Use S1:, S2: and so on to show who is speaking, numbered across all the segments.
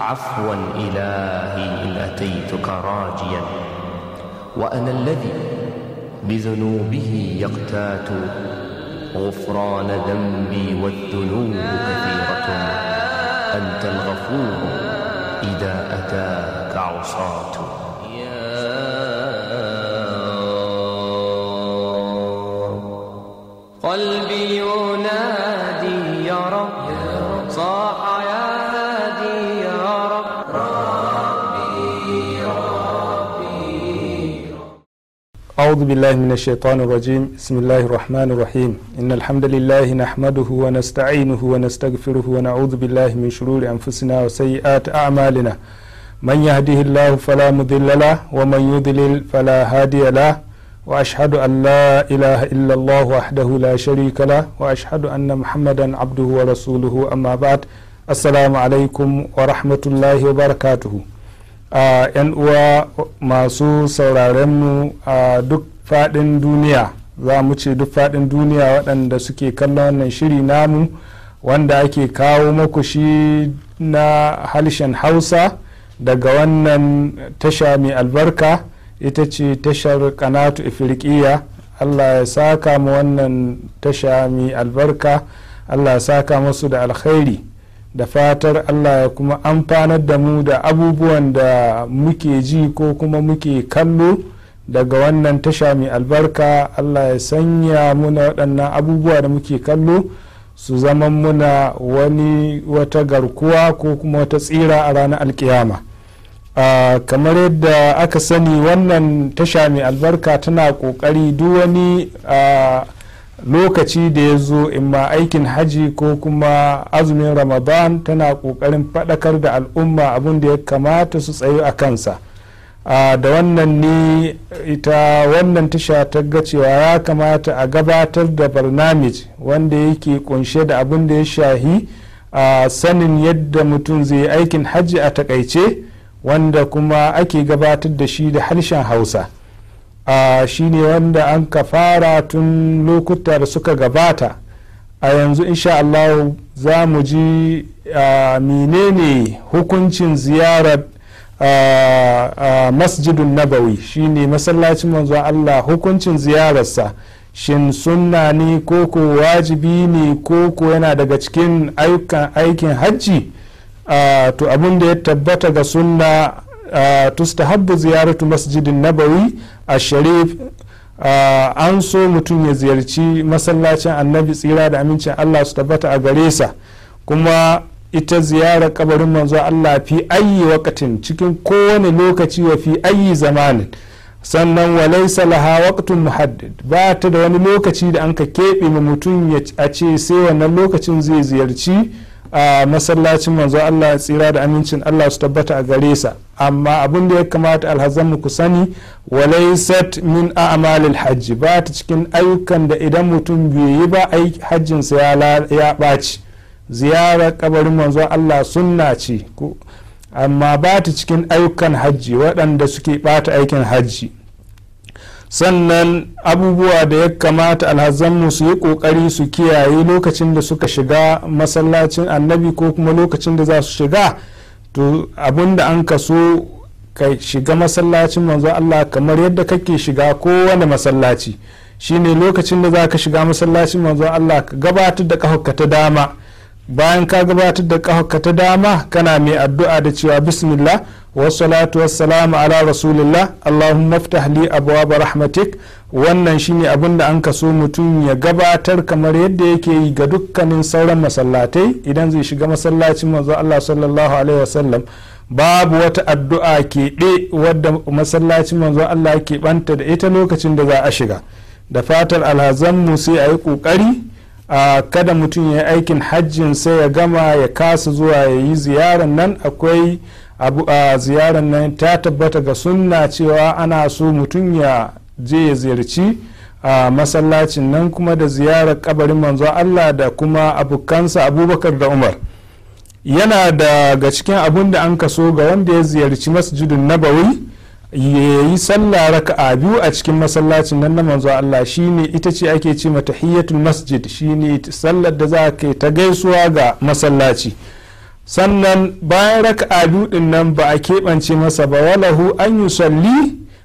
S1: عفوا إلهي إن أتيتك راجيا وأنا الذي بذنوبه يقتات غفران ذنبي والذنوب كثيرة أنت الغفور إذا أتاك عصاة أعوذ بالله من الشيطان الرجيم بسم الله الرحمن الرحيم إن الحمد لله نحمده ونستعينه ونستغفره ونعوذ بالله من شرور أنفسنا وسيئات أعمالنا من يهده الله فلا مضل له ومن يضلل فلا هادي له وأشهد أن لا إله إلا الله وحده لا شريك له وأشهد أن محمدا عبده ورسوله أما بعد السلام عليكم ورحمة الله وبركاته a 'yan uwa masu mu a duk faɗin duniya za mu ce duk faɗin duniya waɗanda suke kallon wannan shiri namu wanda ake kawo maku shi na harshen hausa daga wannan tasha mai albarka ita ce tashar kanatu ifirkiya allah ya saka mu wannan tasha mai albarka allah ya saka masu da alkhairi da fatar allah ya kuma amfanar da mu da abubuwan da muke ji ko kuma muke kallo daga wannan tasha mai albarka allah ya sanya muna waɗannan abubuwa da muke kallo su zama muna wani wata garkuwa ko kuma wata tsira a ranar alkiyama kamar yadda aka sani wannan tasha mai albarka tana ƙoƙari duk wani lokaci da ya zo in ma aikin haji ko kuma azumin ramadan tana kokarin fadakar da al'umma abin da ya kamata su tsayo a kansa da wannan ne ita wannan tasha ta ga cewa ya kamata a gabatar da barnamij wanda yake kunshe da abin da ya shahi a sanin yadda mutum zai aikin hajji a takaice wanda kuma ake gabatar da shi da harshen hausa a shine wanda an ka fara tun lokuta da suka gabata a yanzu insha Allah za mu ji menene hukuncin ziyarar masjidun nabawi shine masallacin manzo Allah hukuncin ziyararsa shin sunna ne ko ko wajibi ne ko ko yana daga cikin aikin hajji to abin da ya tabbata ga sunna tustahabbu ziyaratu masjidin nabawi a sharif an so mutum ya ziyarci masallacin annabi tsira da amincin allah su tabbata a gare sa kuma ita ziyarar kabarin manzo allah fi ayi wakatin cikin kowane lokaci wa fi ayi zamanin sannan walai salaha waqtun muhaddid ba ta da wani lokaci da an ka keɓe ma mutum a ce sai wannan lokacin zai ziyarci a masallacin manzo allah tsira da amincin allah su tabbata a gare sa amma abin da ya kamata mu ku sani walaisat min a'malil hajji ba ta cikin ayyukan da idan mutum bai yi ba hajjinsa ya ɓaci ziyarar kabarin manzon allah sunna ce amma ba ta cikin ayyukan hajji waɗanda suke bata aikin hajji sannan abubuwa da ya kamata alhazanmu su yi ƙoƙari su kiyaye lokacin da suka shiga masallacin annabi ko kuma lokacin da za su shiga to da an so ka shiga masallacin manzo Allah kamar yadda kake shiga kowane masallaci shine lokacin da za ka shiga masallacin manzo Allah ka gabatar da ƙahokka ta dama bayan ka gabatar da ƙahokka ta dama kana mai addu'a da cewa bismillah wasalatu wassalamu ala rasulillah allahumma iftah li abwaba rahmatik wannan shine abin da an kaso mutum ya gabatar kamar yadda yake yi ga dukkanin sauran masallatai idan zai shiga masallacin manzo Allah sallallahu alaihi wasallam babu wata addu'a keɓe wadda masallacin manzo Allah ke banta da ita lokacin da za a shiga da fatar mu sai a yi ƙoƙari a kada mutum ya yi aikin hajjin sai ya gama ya kasa zuwa ya yi ziyarar nan akwai abu a ziyarar nan ta tabbata ga sunna cewa ana so mutum ya je ya ziyarci a masallacin nan kuma da ziyarar kabarin manzo Allah da kuma abukansa abubakar da umar yana daga cikin abun da an kaso ga wanda ya ziyarci masjidin nabawi ya yi sallah a biyu a cikin masallacin nan na manzo Allah shine ita ce ake ce mata hiyatul masjid shine sallar da za ka ta gaisuwa ga masallaci sannan bayan raka'a biyu din nan ba a keɓance masa ba walahu an yi salli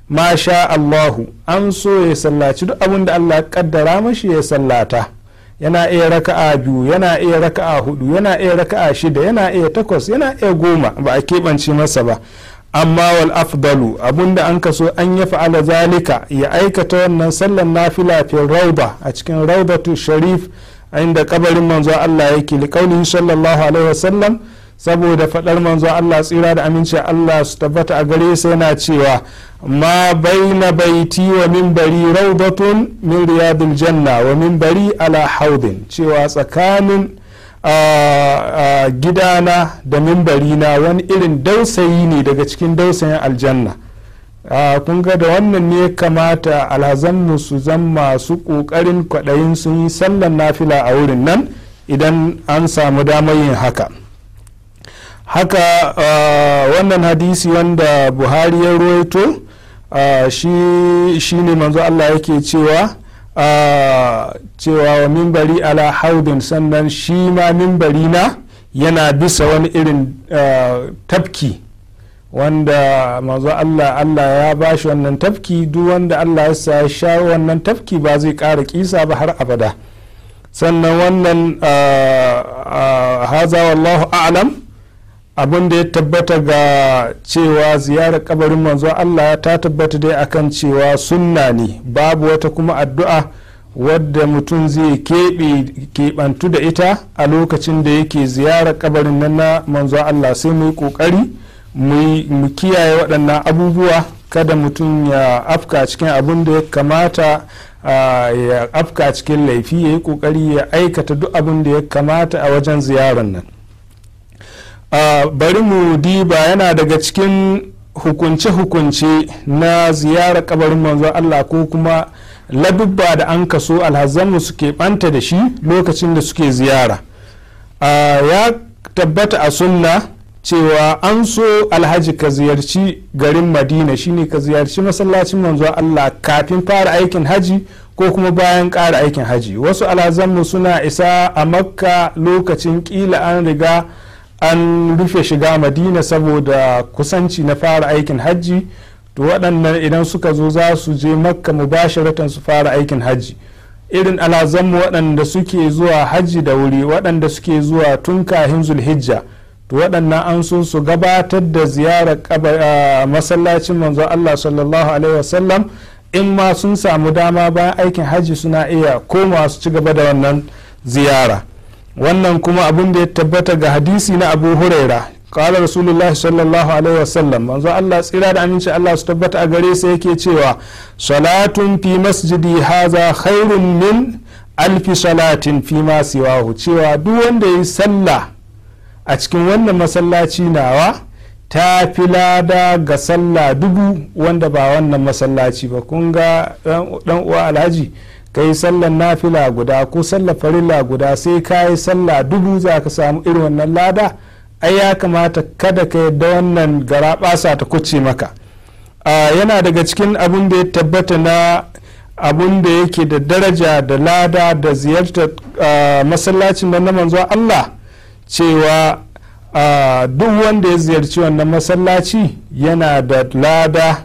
S1: ma sha Allahu an so ya sallaci duk abin da Allah kaddara mashi ya sallata yana iya raka'a biyu yana iya raka'a hudu yana iya raka'a shida yana iya takwas yana iya goma ba a keɓance masa ba amma wal afdalu da an kaso an ya fa'ala zalika ya aikata wannan sallan nafila fil rauda a cikin raudatu sharif a inda kabarin manzo Allah yake liqaulihi sallallahu alaihi wasallam saboda fadar manzo Allah tsira da aminci Allah su tabbata a gare sa yana cewa ma baina baiti wa minbari rawdatun min riyadil janna wa minbari ala haudin cewa tsakanin gidana da na wani irin dausayi ne daga cikin dausayin aljanna kun ga da wannan ne kamata alhazanmu su zama masu ƙoƙarin kwaɗayin sun yi sallan nafila a wurin nan idan an samu damar yin haka haka wannan hadisi wanda buhari ya roito shi ne manzo allah yake cewa cewa wa mimbari ala haudin sannan shi ma mimbari na yana bisa wani irin tafki wanda mazu Allah Allah ya bashi wannan tafki duk wanda Allah ya sha wannan tafki ba zai kara kisa ba har abada sannan wannan haza wallahu a'lam abin da ya tabbata ga cewa ziyarar kabarin manzo Allah ta tabbata dai akan cewa sunna ne babu wata kuma addu'a wadda mutum zai keɓe keɓantu da ita a lokacin da yake ziyarar kabarin nan na manzo Allah sai mu yi ƙoƙari mu kiyaye waɗannan abubuwa kada mutum ya afka cikin abin da ya kamata ya afka cikin laifi ya yi kokari ya aikata duk abin da ya kamata a wajen ziyarar nan bari mu diba yana daga cikin hukunce-hukunce na ziyarar kabarin manzon allah ko kuma labubba da an kaso alhazanmu suke ɓanta da shi lokacin da suke ziyara ya tabbata a sunna cewa an so alhaji ka ziyarci garin madina shine ka ziyarci masallacin manzo allah kafin fara aikin haji ko kuma bayan ƙara aikin haji wasu alhazanmu suna isa a makka lokacin kila an riga an rufe shiga madina saboda kusanci na fara aikin haji to waɗannan idan suka zo za su je makka mubasharatan su fara aikin haji irin alhazanmu waɗanda suke zuwa haji da wuri waɗanda suke zuwa tun kahin zulhijja to waɗannan an sun su gabatar da ziyarar masallacin manzo Allah sallallahu alaihi wasallam in ma sun samu dama bayan aikin hajji suna iya koma su ci gaba da wannan ziyara wannan kuma abin da ya tabbata ga hadisi na abu huraira kawai rasulullah sallallahu alaihi wasallam manzo Allah tsira da aminci Allah su tabbata a gare sa yake cewa salatun fi masjidi haza khairun min alfi salatin fi ma siwahu cewa duk wanda ya yi sallah a cikin wannan masallaci nawa ta fi lada ga sallah dubu wanda ba wannan masallaci ba kun ga dan uwa alhaji ka yi sallar nafila guda ko sallar farilla guda sai ka yi sallah dubu za ka samu irin wannan lada ai ya kamata kada ka yadda wannan gara basa ta kuce maka yana daga cikin abin da ya tabbata na abin da yake da daraja da lada da ziyartar masallacin da na manzo Allah cewa duk wanda ya ziyarci wannan masallaci yana da lada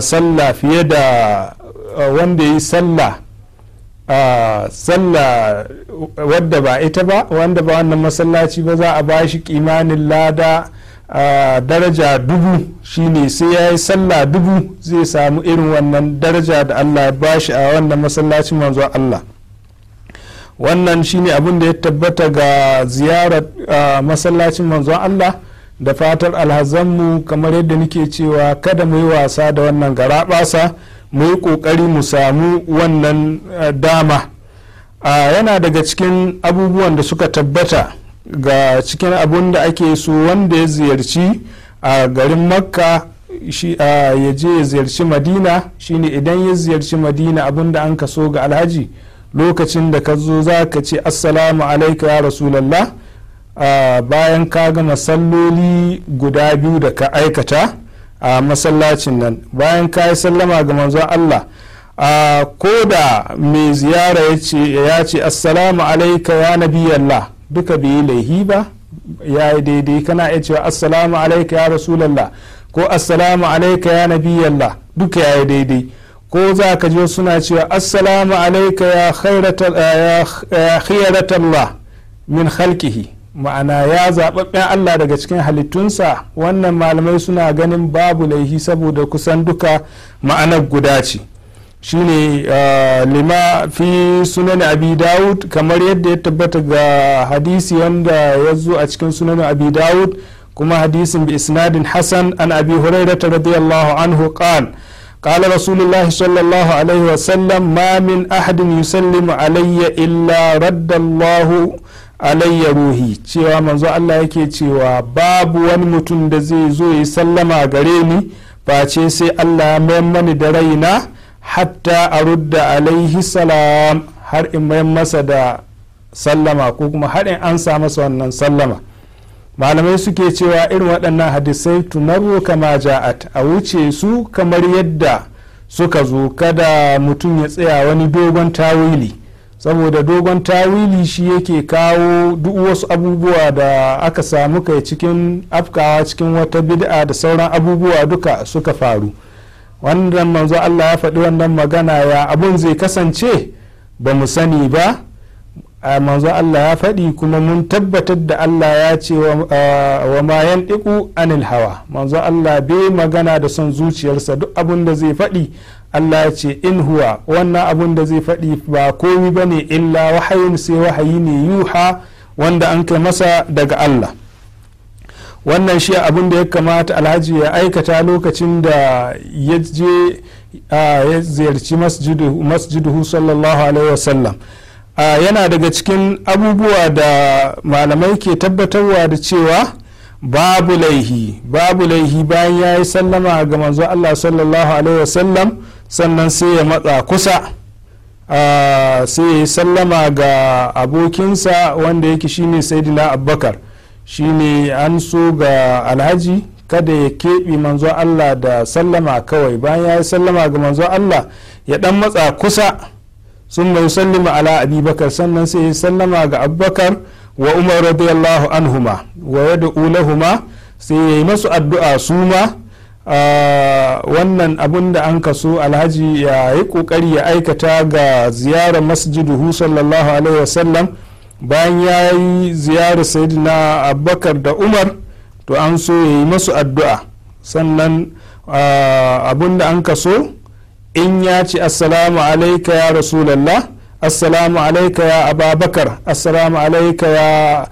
S1: sallah fiye da wanda ya yi sallah sallah wadda ba ita ba wanda ba wannan masallaci ba za a ba shi kimanin lada daraja dubu shine sai ya yi sallah dubu zai samu irin wannan daraja da allah ya ba shi a wannan masallacin manzo allah wannan shine abin da ya tabbata ga ziyarar masallacin manzon Allah da fatar alhazanmu kamar yadda nake cewa kada mu yi wasa da wannan garaɓasa mu yi ƙoƙari mu samu wannan dama yana daga cikin abubuwan da suka tabbata ga cikin abun da ake so wanda ya ziyarci a garin makka ya je ya ziyarci madina shine idan ya ziyarci madina abin da an kaso ga alhaji lokacin da ka zo za ka ce assalamu alaika ya rasulallah bayan ka gama salloli guda biyu da ka aikata a masallacin nan bayan ka yi sallama ga manzon Allah ko da mai ziyara ya ce assalamu alaika ya yalla duka bai yi laihi ba ya yi daidai kana iya cewa assalamu alaika ya rasulallah ko assalamu alaika ya yalla duka ya yi daidai ko za ka ji suna cewa assalamu alaika ya Allah min halkihi ma'ana ya zaɓaɓɓen allah daga cikin halittunsa wannan malamai suna ganin babu laihi saboda kusan duka ma'anar guda ce shine uh, lima fi sunan abi dawud kamar yadda ya tabbata ga hadisi wanda ya zo a cikin sunan abi dawud kuma hadisin bi isnadin hassan an abi hurairata radiyallahu anhu qala قال رسول الله صلى الله عليه وسلم ما من أحد يسلم علي إلا رد الله علي روحي cewa manzo Allah yake cewa babu wani mutum da zai zo ya sallama gare ni face sai Allah mai mani da raina hatta a rudda alaihi salam har in mai masa da sallama ko kuma har in an sa masa wannan sallama malamai suke cewa irin waɗannan hadisai tunaru kama ja'at a wuce su kamar yadda suka zo kada mutum ya tsaya wani dogon tawili saboda dogon tawili shi yake kawo duk wasu abubuwa da aka samu kai cikin afkawa cikin wata bid'a da sauran abubuwa duka suka faru wannan manzo Allah ya faɗi wannan magana ya abun zai kasance ba mu sani ba a manzo Allah ya faɗi kuma mun tabbatar da Allah ya ce wa ma ɗiku anil hawa manzo Allah bai magana da son zuciyarsa duk abin da zai faɗi Allah ya ce in huwa wannan abin da zai faɗi ba komi ba ne illa wahayin sai wahayi ne yuha wanda an kai masa daga Allah wannan shi abin da ya kamata alhaji ya aikata lokacin da ya je ya ziyarci masjidu sallallahu alaihi wasallam Ah, yana daga cikin abubuwa da malamai ke tabbatarwa da cewa babu laihi babu laihi bayan ya yi sallama ga manzo Allah sallallahu alaihi wasallam sannan sai ya matsa kusa ah, sai ya yi sallama ga abokinsa wanda yake shine saidina abubakar shine an so ga alhaji kada ya keɓe manzo Allah da sallama kawai bayan ya yi sallama ga manzo Allah ya ɗan matsa kusa sun bai sallima ala bakar sannan sai ya sallama ga abubakar wa umar radiyallahu anhuma wa yadda ulahuma sai yi masu addu'a su ma wannan abun da an kaso alhaji ya yi kokari ya aikata ga ziyarar masjiduhu sallallahu alaihi sallam bayan ya yi ziyarar sayidina abubakar da umar to an so ya yi masu addu'a sannan abun da an kaso in ya ce assalamu alaika ya rasulallah assalamu alaika ya ababakar assalamu alaika ya,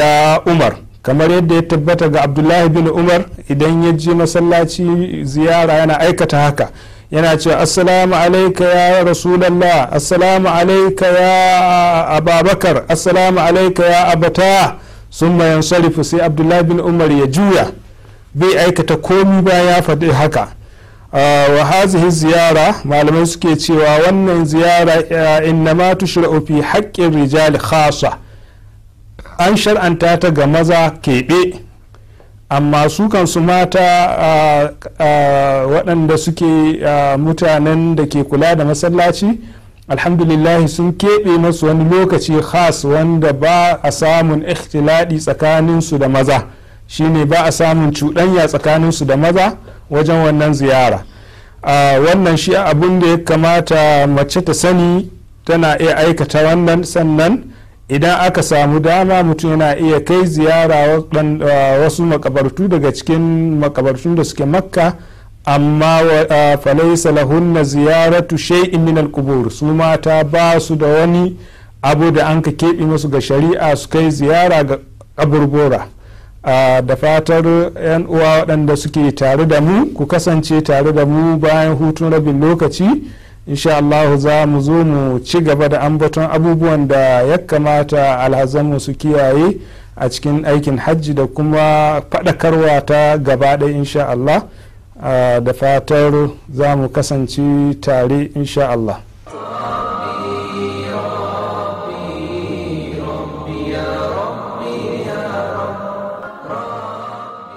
S1: ya umar kamar yadda ya tabbata ga abdullahi bin umar idan ya je masallaci ziyara yana aikata haka yana ce assalamu alaika ya rasulallah assalamu alaika ya ababakar assalamu alaika ya abata sun yansarifu sai abdullahi bin umar ya juya bai aikata komi ba ya faɗi haka Ah, wa hazihi ziyara malamai suke cewa wannan ziyara ah, innama tushra'u fi haƙƙin rijali khasa an shar'anta ta ga maza keɓe amma su kansu mata ah, waɗanda suke mutanen da ke kula da masallaci alhamdulillah sun keɓe masu wani lokaci khas wanda ba a samun ikhtiladi tsakaninsu da maza shine ba a samun cuɗanya tsakaninsu da maza wajen wannan ziyara wannan shi abun da ya kamata mace ta sani tana iya aikata wannan sannan idan aka samu dama mutum yana iya kai ziyara wasu makabartu daga cikin makabartun da suke makka amma falaisa lahunna ziyaratu shay'in min al su mata ba su da wani abu da an ka keɓe musu ga shari'a su kai ziyara ga kaburbura da fatar 'yan uwa waɗanda suke tare da mu ku kasance tare da mu bayan hutun rabin lokaci insha Allah za mu zo mu ci gaba da ambaton abubuwan da ya kamata alhazanmu su kiyaye a cikin aikin hajji da kuma faɗakarwa ta gaba ɗaya insha Allah da fatar za mu kasance tare insha Allah.